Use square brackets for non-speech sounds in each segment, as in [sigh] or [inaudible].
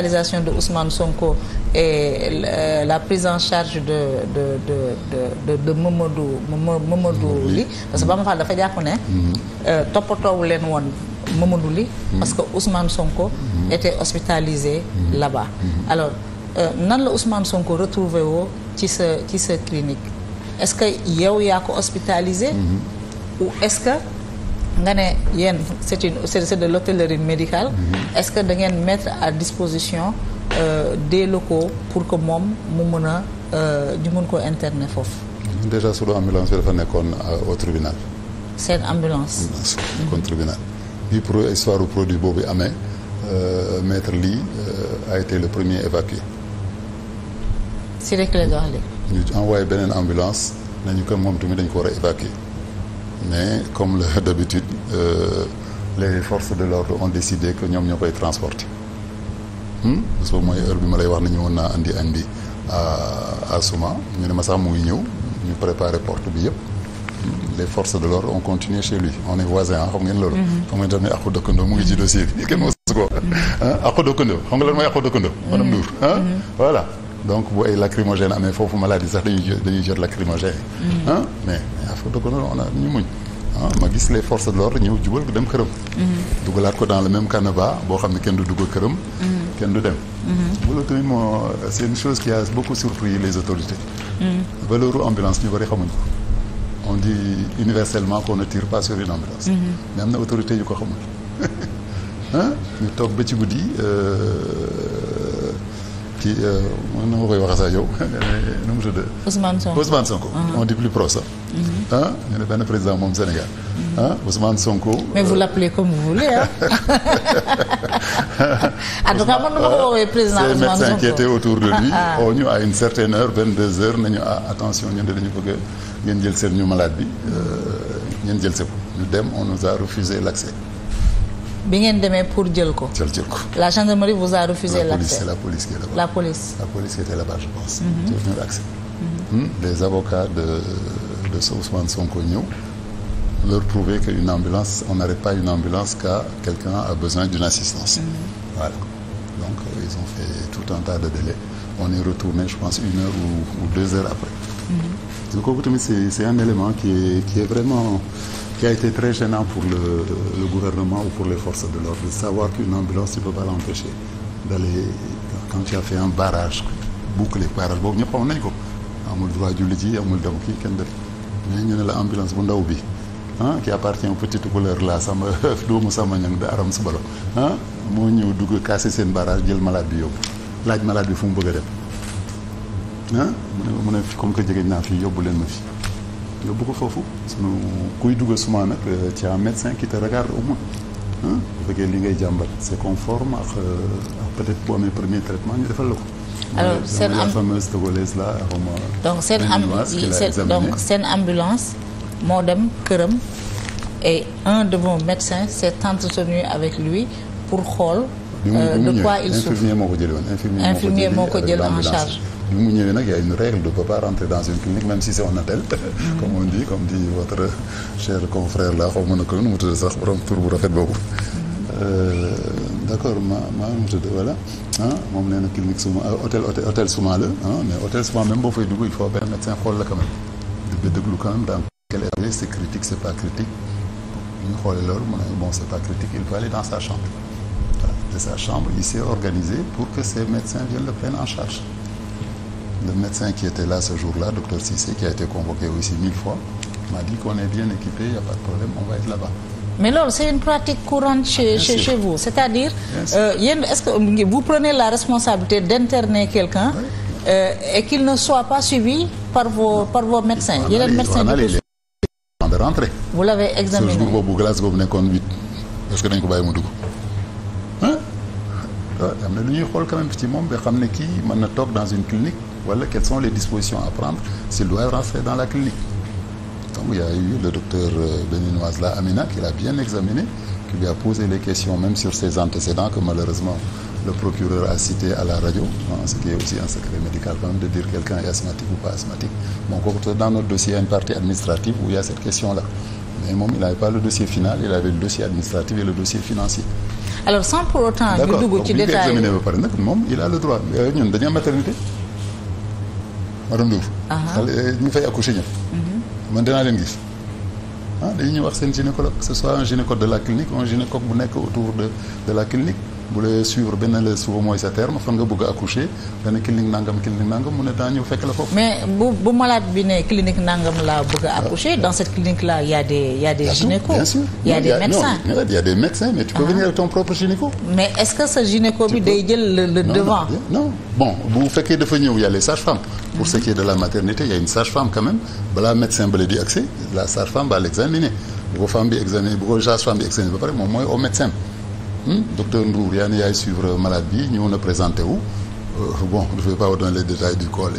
réalisation de Ousmane Sonko e la prise en charge de de de de de Mamadou Mamadou Ly parce que Bamba Fall dafa jàpp ne. Mm-hmm. Euh, toppatoowu leen woon Mamadou li mm-hmm. parce que Ousmane Sonko. Mm-hmm. était hospitalisé là-bas. alors euh, nan la Ousmane Sonko retrouvé woo ci sa ci sa clinique est-ce que yow yaa ko hospitalisé. ou est-ce que. nga ne yéen c'est une c'est de l'hôtellerie médicale mm-hmm. est-ce que da ngeen mettre à disposition euh, des locaux pour que moom mu mën a euh, ñu mën ko interner foofu mm-hmm. déjà sunu ambulance bi dafa nekkoon euh, au tribunal seen ambulance kon mm-hmm. tribunal bi histoire produit boobu amee euh, maître Ly a été le premier évacué si rek la ñu envoyé beneen ambulance nañu ko moom tamit dañ ko war a évacuer mais comme le d'habitude euh, les forces de l'ordre ont décidé que ñoom ñoo koy transporté hmm? parce que mooy heure bi ma lay wax ne ñëwoon naa indi andi à à Souma ñu ne ma sax mu ngi ñëw ñu préparer porte bi yëpp les forces de l'ordre ont continué chez lui on est voisins xam ngeen loolu. Mhm. xam ngeen tamit àqu dëkkandoo mu ngi ci dossier bi [laughs] kenn mosu ko. àqu mhm. dëkkandoo xam nga lan mooy àqu dëkkandoo. madame mhm. Ndour voilà. donc boo ay lacrymogène amee foofu maladie sax dañuy jot dañuy jot lacrymogène. ah mais à faut de ko on a ñu muñ. ma gis les forces de l'ordre ñëw jubal ko dem këram. Mm-hmm. dugalaat ko dans le même canevas boo xam ne kenn du dugg këram. Mm-hmm. kenn du dem. Mm-hmm. loolu tamit moo c'est une chose qui a beaucoup surpris les autorités. valeuru ambulance ñu bari xamuñ ko. on dit universellement qu'on ne tire pas une ambulance. mais am na autorités yu ko xamul. [laughs] ñu toog ba ci guddi. Euh, ci mën euh, na ma koy waxee sax yow [laughs] nu mu tudd. Ousmane Sonko Ousmane Sonko. Uh-huh. on dit plus pro sax. ah ñu benn président moom Sénégal. ah Ousmane Sonko. mais vous euh, l'appelez comme vous voulez [laughs] ah. en tout cas man ko woowee président Ousmane euh, Sonko ces médecins qui étaient autour de lui. Ah, ah. oo ñu à une certaine heure vingt deux heures nañu ah attention ñun de dañu bëgg ngeen jël seen ñu malade bi ngeen jël seen ko ñu dem on nous a refusé l'accès bi ngeen demee pour jël ko. jël jël ko la gendarmerie vous a refusé l'accès. la police c'est la police qui est là-bas. la police la police les mhm. mhm. hmm? avocats de de ce Ousmane leur prouver qu'une ambulance on n'arrête pas une ambulance car quelqu'un a besoin d'une assistance. Mhm. donc euh, ils ont fait tout un tas de délais on est retourné je pense une heure ou, deux heures après. donc kooku c'est un élément qui est vraiment. qui a été très gênant pour le, le gouvernement ou pour les forces de l'ordre, de savoir qu'une ambulance, tu ne peux pas l'empêcher d'aller quand tu as fait un barrage bouclé barrage boobu ñëpp xam nañ ko amul droit julli ji amul dem kii kenn def mais ñu ne la ambulance bu ndaw bi ah qui appartient aux petites couleurs sama [laughs] doomu sama ñang de aram subalo moo ñëw dugg casser seen barrage jël malade bi yóbbu laaj malade bi fu mu bëgg a dem ah mu ne mu ne comme que jege naa fii yóbbu leen ma fi yóbbu ko foofu sunu kuy dugal souvent nag euh, ci un médecin qui te regarde au moins bu fekkee li ngay jàmbat c'est conforme euh, ak peut-être boo amee premier traitement ñu defal la ko. alors seen am la fameuse togolaise là donc seen am donc ambulance moo dem këram et un de vos médecins s'est entretenu avec lui pour xool. Euh, de quoi il souffre moo ko jëlee woon infirmier moo ko jël en charge. bi mu ñëwee nag y a une règle on ne peut pas rentrer dans une clinique même si c'est un hôtel [laughs] comme on dit comme dit votre cher confrère là xaw ma ne ko nu mu tudd sax borom tur bu rafet boobu euh, d'accord ma ma mu tudd voilà ah moom nee na clinique suma euh, hôtel hôtel suma la ah, mais hôtel suma même boo fay dugg il faut benn médecin xool la quand même di déglu quand même dans loolu mu ne bon c'est pas critique il faut aller chambre de sa chambre il s'est organisé pour que ces médecins viennent le prendre en charge Le médecin qui était là ce jour-là, docteur Sissé, qui a été convoqué aussi mille fois, m'a dit qu'on est bien équipé, il n'y a pas de problème, on va être là-bas. mais loolu c'est une pratique courante chez ah, vous c'est-à-dire euh, yéen euh, est-ce que vous prenez la responsabilité d'interner quelqu'un oui. euh, et qu'il ne soit pas suivi par vos non. par vos médecins yeneen médecins de rentrée vous l'avez examiné ce jour boobu glace boobu nekkoon huit est-ce que dañ ko bàyyi mu dugg ah am na lu ñuy xool quand ci moom ba xam ne kii mën na toog dans une clinique wala quelles sont les dispositions à prendre s'il doit rentrer dans la clinique donc il y a eu le docteur euh, béninoise là Amina qui l'a bien examiné qui lui a posé les questions même sur ses antécédents que malheureusement le procureur a cité à la radio hein, ce qui est aussi un secret médical quand même de dire quelqu'un est asthmatique ou pas asthmatique bon kooku dans notre dossier il une partie administrative où y a cette question là mais moom il n'avait pas le dossier Madame Diouf. xale eh, ñu fay accoucher ñëpp. Mhm. man dinaa leen gis. ah dañuy ñëw wax seen gynécologue que ce soit un gynécologue de la clinique un gynécologue bu nekk autour de de la clinique bu la suivre benn la suba mooy sa terme fan nga bëgg a accoucher dana clinique nangam clinique nangam mu ne daa ñëw fekk la foofu. mais bu bu malade bi ne clinique nangam laa bëgg a ah. accoucher dans cette clinique la y a des y a des gynéco bien sûr y a des médecins non y mais tu peux ah. venir avec ton mais est-ce que sa gynéco bi day jël le devant. non bon bu fekkee dafa ñëw y a les Pour ce qui est de la maternité, il y a une sage-femme quand même. di accès la sage-femme va l'examiner bu ko bi examiner bu ko sage bi examiner ba pare moom mooy au médecin hmm? docteur Ndour yaa ni yaay suivre malade bi ñëw na présenté wu euh, bon je ne vais pas vous donner les détails du bon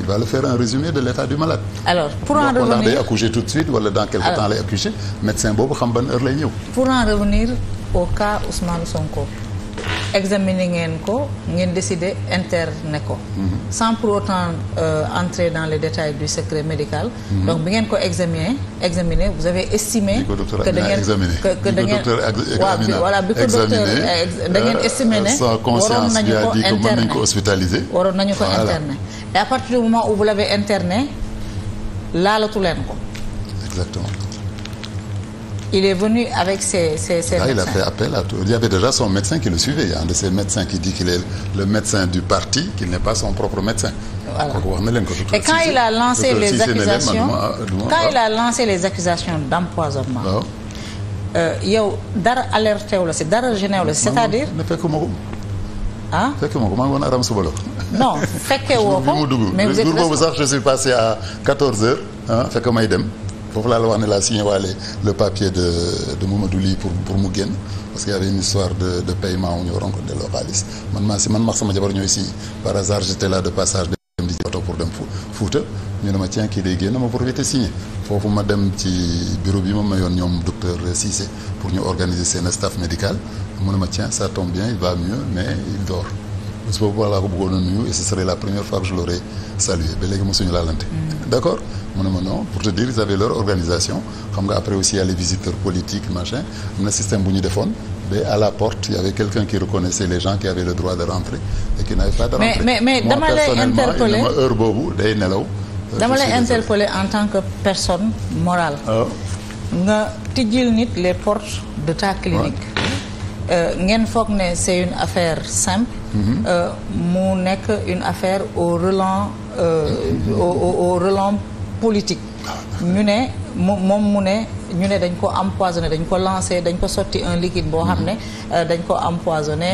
il va le faire un de l'état du malade. alors pour en revenir day accoucher tout de suite wala xam ban lay ñëw. pour en examiner ngeen ko ngeen décider interne ko. Mhm. sans pour autant euh, entrer dans les détails du secret médical. mm donc bi ngeen ko examiner examiner vous avez estimé. que da ngeen que que da ngeen waaw voilà bi ko docteur da ngeen euh, estimé ne. waroon nañu ko interner waroon nañu ko interner et à partir du moment où vous l'avez interné laalatu leen ko. exactement. il est venu avec ses, ses, ses Là, ah, médecins. Il a fait appel à tout. Il y qui le suivait. Il y a de ses médecins qui dit qu'il est le médecin du parti, qu'il n'est pas son propre médecin. quand il a lancé les accusations, ah, quand il ah. a lancé les accusations d'empoisonnement, euh, yow dara alerté wu la si dara gêné wu la si c'est-à-dire. fekkuma ko. ah fekkuma ko maa ngi woon aram suba la. non fekkee woo [laughs] ko mais vous êtes boobu sax heures ah fekk may dem. foofu laa la wax ne laa signé waale le papier de de Mamadou Ly pour pour mu génn parce que y avait une histoire de de paiement wu ñu waroon ko delloo xaalis man maa si man max sama jabar ñooy signé par hasard j'étais là de passage dem oto pour dem Fuuta ñu ne ma tiens kii day génn ma profité signé foofu ma dem ci bureau bi ma mayoon ñoom docteur Cissé pour ñu organiser seen staff médical mu ne ma tiens ça tombe bien il va mieux mais il dort bés boobu laa ko bëggoon a nuyu et ce serait la première fois que je l'aurais ba léegi mm. mu ne ma non pour te dire ils xam nga après aussi y a les visiteurs politiques machin bu ñu defoon. mais à la porte il y avait quelqu'un qui reconnaissait les gens qui avaient ma boobu day nelaw. Euh, dama lay interpeller en tant que personne morale. Ah. nga tijjil nit les portes de ta clinique. Euh, ngeen foog ne c'est une affaire simple. Euh, mu nekk une affaire au relent euh, au au politique. ñu ne moom mu ne ñu ne dañ ko empoisonné dañ ko lancé dañ ko sotti un liquide boo xam ne euh, dañ ko empoisonné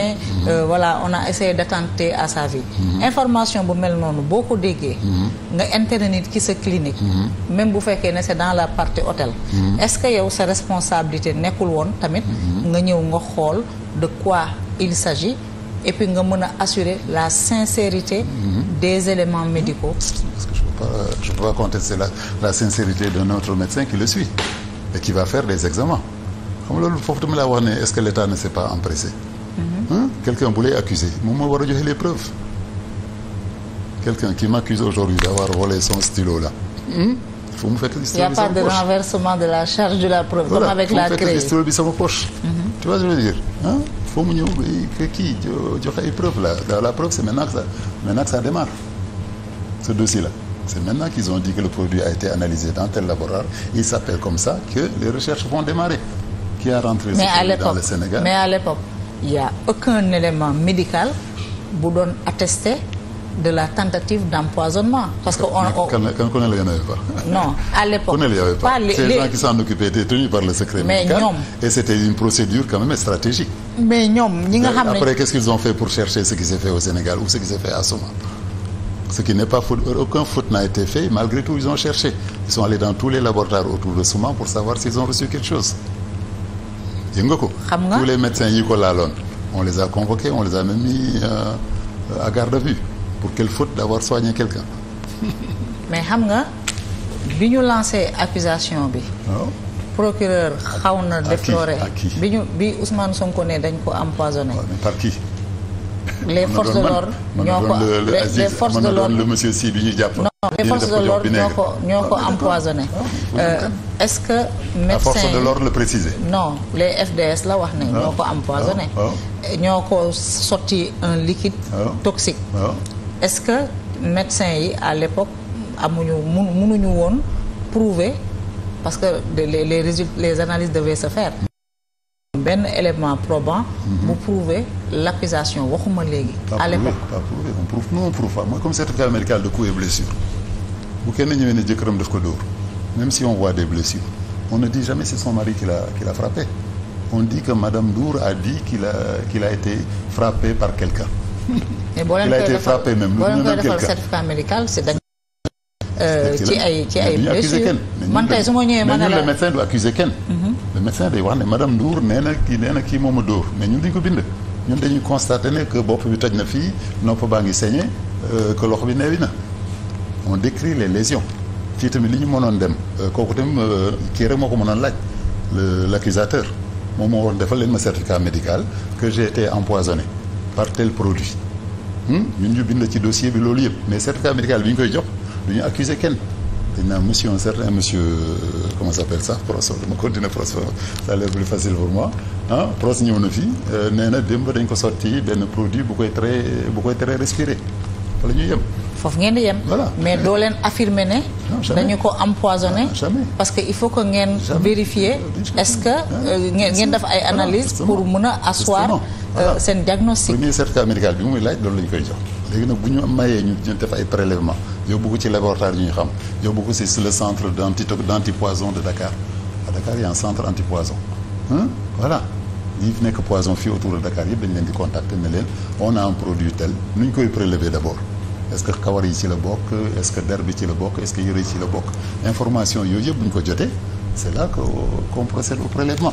voilà on a essayé d'attenter à sa vie mm-hmm. information bu mel noonu boo ko déggee mm-hmm. nga intervenir ci sa clinique mm-hmm. même bu fekkee ne c'est dans la partie hôtel est-ce que yow sa responsabilité nekkul woon tamit nga ñëw nga xool de quoi il s'agit et puis nga mën la sincérité mhm. des éléments médicaux parce je peux pas je peux pas contester la la sincérité d'un autre médecin qui le suit et qui va faire des examens xam loolu foofu tamit laa wax ne est-ce que l'État ne s'est pas empressé mhm. quelqu'un bu lay accuser moom moo war a le les preuves quelqu'un qui m'accuse aujourd'hui d'avoir volé son stylo là mhm. fu il y a pas de renversement de la charge de la preuve. comme avec dire ah. faut mu ñëw kii joxe ay preuve la la preuve c'est maintenant que ça maintenant que ça démarre ce dossier-là c'est maintenant qu'ils ont dit que le produit a été analysé dans tel laboratoire il s'appelle comme ça que les recherches vont démarrer qui a rentré mais à l'époque dans le Sénégal mais à l'époque il y a aucun élément médical bu doon attesté de la tentative d'empoisonnement. Parce que on, on... Quand, quand il y en avait pas. Non, à l'époque. il n'y avait pas. pas les, Ces les... gens qui s'en occupaient étaient tenus par le secret Mais médical. Nyom. Et c'était une procédure quand même stratégique. Mais ñoom ñi nga xam ne après qu'est-ce qu'ils ont fait pour chercher ce qui s'est fait au Sénégal ou ce qui s'est fait à Soma ce qui n'est pas faute, aucun faute n'a été fait. Malgré tout, ils ont cherché. Ils sont allés dans tous les laboratoires autour de Souman pour savoir s'ils ont reçu pour quelle faute d'avoir soigné quelqu'un mais xam nga bi ñu lancé accusation bi oh. procureur xaw na déploré bi ñu bi Ousmane Sonko ne dañ ko empoisonné par qui les forces de l'ordre ñoo ko les forces de l'ordre le monsieur si bi ñu jàpp ñoo ko ñoo ah, ah, euh, est-ce que médecin force de l'ordre le préciser non les FDS la wax ne ñoo ko empoisonné ñoo ko sotti un liquide toxique est-ce que médecins yi à l'époque amuñu mun munuñu woon prouver parce que les les résultats les analyses devaient se faire. benn élément probant. Mhm. bu prouver l'accusation waxuma léegi. à l'époque pas prouvé on prouve non prouve pas mooy comme certificat médical de coups et bu kenn ñëwee ne jëkkëram daf ko dóor même si on voit des blessures on ne dit jamais c'est son mari qui l'a qui l'a frappé on dit que madame Ndour a dit qu'il a qu'il a été frappé par quelqu'un mais boo leen koy defal boo leen koy defal certificat ci ay ci ay man tey su ma ñëwee ma ne la mhm. wax ne madame Ndour nee na kii nee na kii moom a dóor mais ñun duñ ko bind. ñun dañuy constater ne que bopp bi toj na fii nopp baa ngi saigné euh, que loxo bi neewi na on décrit les lésions fii tamit li ñu mënoon dem euh, kooku tamit euh, kii rek moo ko mënoon laaj l'accusateur moom moo waroon defal leen ma certificat médical que j'ai été par tel produit hmm? ñun ñu bind ci dossier bi loolu yëpp mais certificat médical bi ñu koy jox du ñu accuser kenn dañ naan monsieur un certain monsieur comment s'appelle sax Proso dama continuer Proso ça a l'air plus facile pour moi ah Proso ñëw na fii euh, nee na démb dañ ko sotti benn produit bu koy très bu koy très respiré wala ñuy yem foofu ngeen di yem. mais doo leen affirmer ne. dañu ko empoisonné. parce que il faut que ngeen. vérifier est-ce que euh, ngeen def ay analyse pour mën a asseoir euh, seen diagnostic. premier certificat médical bi muy laaj loolu la koy jox léegi nag bu ñu mayee ñu def ay prélèvement yóbbu ko ci laboratoire yu ñu xam yóbbu ko ci le centre d'anti d'antipoison de Dakar Dakar il y a un centre antipoison voilà. ñi fi nekk poison fii autour de Dakar yëpp dañ leen di contacter ne leen on a un produit tel nu ñu koy prélever est-ce que kawar yi ci la bokk est-ce que der bi la bokk est-ce que yi ci la bokk information yooyu yëpp bu ñu ko jotee c'est là que qu'on procède au prélèvement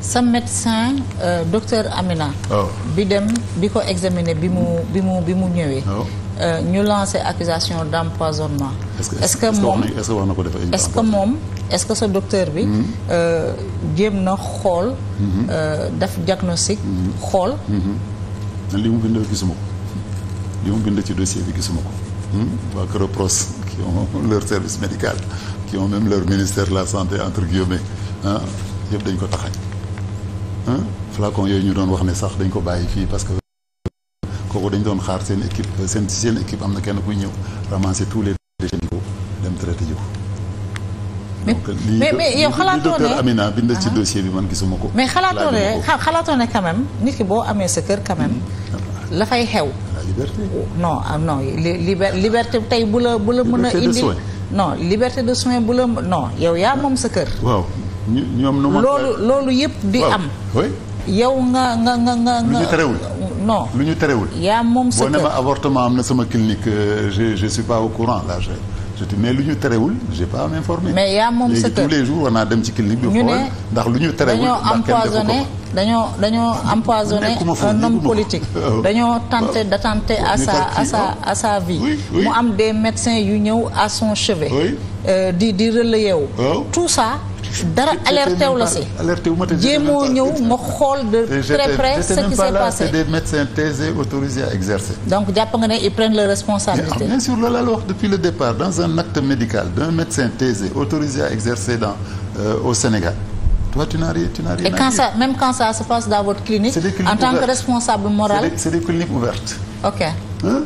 sa médecin euh, docteur Amina oh. bi dem bi ko examiner bi mu bi mu bi mu ñëwee oh. euh, ñu lancé accusation d'empoisonnement est-ce que moom est-ce que moom est-ce que sa docteur bi mm-hmm. euh, jéem na xool mm-hmm. euh, daf diagnostic mm-hmm. xool li mu bind gisuma ko li mu bind ci dossier bi gisuma ko hmm? waa CREPROS qui ont [laughs] leur service médical qui ont même leur ministère de la santé entre guillemets yëpp dañ ko taxañ flacon yooyu ñu doon wax ne sax dañ ko bàyyi fii parce que kooku dañ doon xaar seen équipe euh, seen seen équipe am na kenn kuy ñëw ramasser tous les déchets yi ko dem traité ko mais mais yow xalaatoo ne Amina bind ci ah. dossier bi man gisuma ko. mais xalaatoo ne xalaatoo ne quand nit ki boo amee sa kër quand hmm. la fay xew. no non ah, liberté tey bu la bu la mën a. indi no liberté de soin bu la no yow yaa moom sa kër. waaw ñoom loolu loolu yëpp di am. yow nga nga nga nga nga. lu ñu terewul non lu ñu terewul. yaa moom sa kër boo ne ma avortement am na sama clinique euh, je je suis pas au courant là je je te mais lu ñu terewul j'ai pas à m'informer. mais yaa moom sa kër tous les jours war naa dem ci clinique bi. ñu ndax lu ñu terewul. dañoo empoisonné dañoo dañoo empoisonné un homme politique oh. dañoo tenté d'attenter à à sa à sa vie mu am des médecins yu ñëw à son chevet euh, di di relayer wu oh. tout ça dara alerté wu la si jéemoo ñëw nga xool de très près ce qui s'est passé c'est des médecins thésés autorisés à exercer donc jàpp nga ne ils prennent leur responsabilité ah, bien sûr loolu la wax depuis le départ dans un acte médical d'un médecin thésé autorisé à exercer dans euh, au Sénégal Toi, tu n'as rien, tu n'as rien. Et quand ça, même quand ça se passe dans votre clinique, en tant ouvertes. que responsable moral. C'est des, des, cliniques ouvertes. OK. Hein?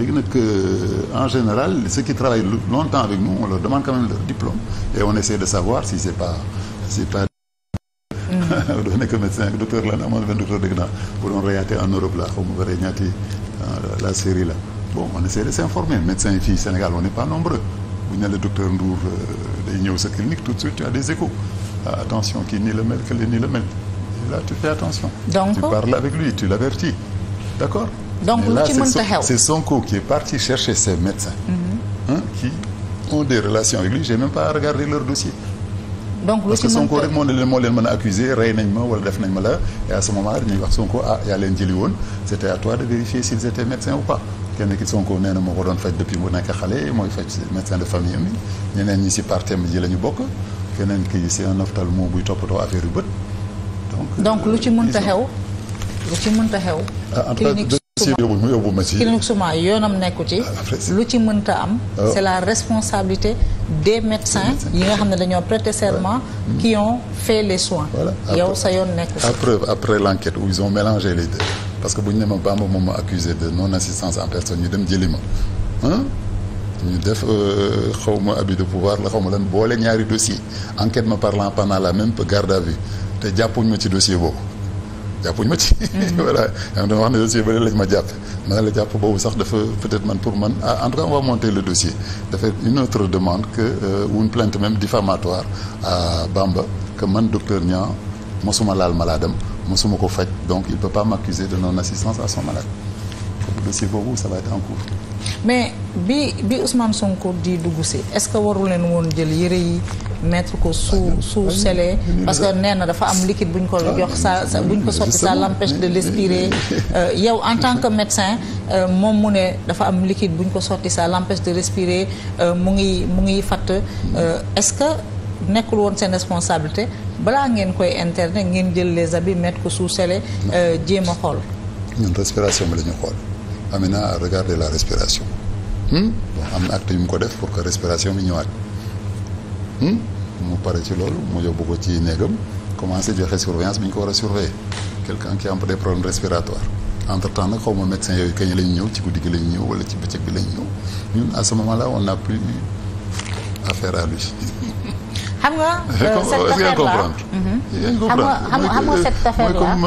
Euh, en général, ceux qui travaillent longtemps avec nous, on leur demande quand même leur diplôme. Et on essaie de savoir si c'est pas. Si pas doo hmm. [laughs] nekk médecin docteur lan amoon benn docteur dëgg naa bu doon en Europe la xaw ma bare ñaati la série la bon on essaie de s'informer médecin yi fii Sénégal on n'est pas nombreux bu ñu euh, ñëw sa clinique tout de ah, attention kii nii la mel que nii la mel là tu fais attention. donc tu parles avec lui tu l'avertis d'accord. donc c'est Sonko qui est parti chercher ses médecins. Mm-hmm. Hein, qui ont des relations avec lui j'ai même pas regardé leur dossier. parce que Sonko rek moo leen moo leen mën a accuser rey nañ ma wala def nañ ma la et à ce moment là dañuy wax Sonko ah yaa leen jëli woon c'était à toi de vérifier s'ils étaient médecins ou pas. kenn ki Sonko nee na moo ko doon faj depuis mu nekk xale mooy faj médecin de famille am ñeneen ñi la ñu bokk. keneen kii c'est un ophtalmo buy toppatoo affaire yu bët donc. donc lu ci mënta xew. lu ci mënta xew. Euh, clinique mu yóbbu ma si clinique suma yoonam nekku ci. Ah, lu ci mënta am. Euh, c'est la responsabilité des médecins. yi nga xam ne dañoo prêter serment. qui ont fait les soins. yow sa yoon nekku ci. après après l'enquête où ils ont mélangé les deux parce que bu ñu ne ma Bamba moom ma accusé de non assistance en personne ñu dem jëli ma ñu def euh, xaw ma abus de pouvoir la xaw ma lan boole ñaari dossier enquête ma parlant pendant la même garde à vue te jàppuñ ma ci dossier boobu jàppuñ ma ci. Mm-hmm. [laughs] voilà dama wax ne dossier bële lañ ma jàpp ma la jàpp boobu sax dafa peut-être man pour man ah, en tout cas on va monter le dossier dafa une autre demande que euh, ou une plainte même diffamatoire à Bamba que man docteur Niang mosuma laal malaadam mosuma ko faj donc il peut pas m'accuser de non assistance à son malade. dossier boobu ça va mais bi bi Ousmane Sonko di dugg si est-ce que waru leen woon jël yére yi mettre ko sous ah, sous scellé ah, parce que nee na dafa am liquide buñ ko jox sa bu ñu ko sotti ah, ça l'empêche de respirer euh, yow en tant que médecin euh, moom mu ne dafa am liquide bu ko sotti ça l'empêche de respirer euh, mu ngi mu ngi fatt est-ce que nekkul woon seen responsabilité balaa ngeen koy internet ngeen jël les habits mettre ko sous scellé jéem a xool. ñun respiration bi xool. Amina a regardé la respiration. Hmm? bon am na acte yu mu ko def pour que respiration bi ñëwaat. Hmm? mu pare ci loolu mu yóbbu ko ci néegam commencé joxe surveillance bi ñu ko war a surveiller quelqu'un qui a des problèmes respiratoires entre temps nag xaw ma médecin yooyu kañ lañ ñëw ci guddi gi lañ ñëw wala ci bëccëg bi lañ ñëw ñun à ce moment là n'a plus affaire à lui. xam nga euh, cette affaire là mhm. xam nga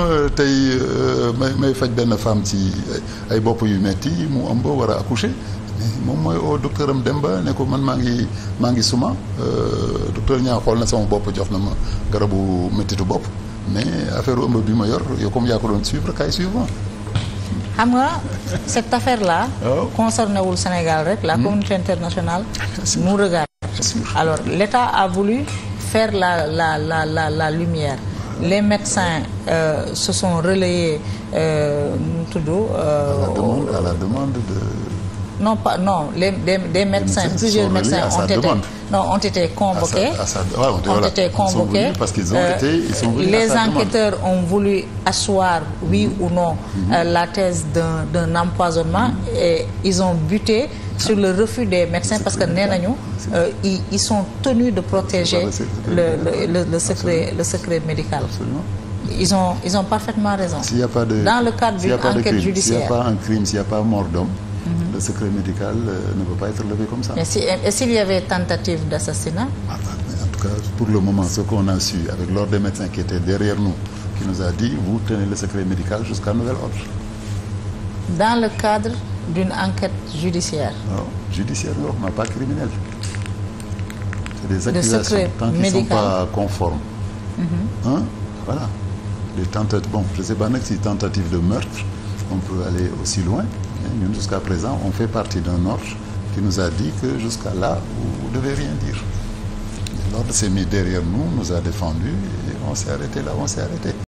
may may benn femme ci ay bopp yu metti mu moom mooy oo docteur ne ko man maa ngi maa ngi suma euh, docteur ñaa xool na sama bopp jox na ma garabu méttitu bopp mais affaire ëmb bi ma yor yow comme yaa nga cette affaire là oh. concerné wul rek la hmm. communauté internationale [laughs] nous regarde alors l'État a voulu faire la la la la la lumière les médecins euh, se sont relayés euh, nu tudd. Euh, à la demande de. non pas non les des, des médecins plusieurs médecins ont été non ont été convoqués. À sa, à sa, ouais, ont voilà, été convoqués parce qu'ils ont euh, été ils sont les enquêteurs ont voulu asseoir oui mm -hmm. ou non. Mm -hmm. euh, la thèse d'un d'un empoisonnement mm -hmm. et ils ont buté. sur le refus des médecins parce que nee nañu euh, ils ils sont tenus de protéger le le le secret médical. ils ont ils ont parfaitement raison. s'il y a pas de le cadre d'une enquête judiciaire s'il y a pas un crime s'il y a pas mort d'homme mhm. le secret médical euh, ne peut pas être levé comme ça. mais s'il y avait tentative d'assassinat ah, pour le moment ce qu'on a su avec l'ordre des médecins qui était derrière nous qui nous a dit vous tenez le secret médical jusqu'à nouvel ordre. dans le cadre d'une enquête judiciaire. non judiciaire nga wax pas criminelle. c'est des accusations de tant qu'ils sont pas conformes. Mm voilà les tentatives bon je sais pas nag tentative de meurtre on peut aller aussi loin jusqu'à présent on fait partie d'un ordre qui nous a dit que jusqu'à là vous devez rien dire l'ordre s'est mis derrière nous nous a défendus et on s'est arrêté là on s'est arrêté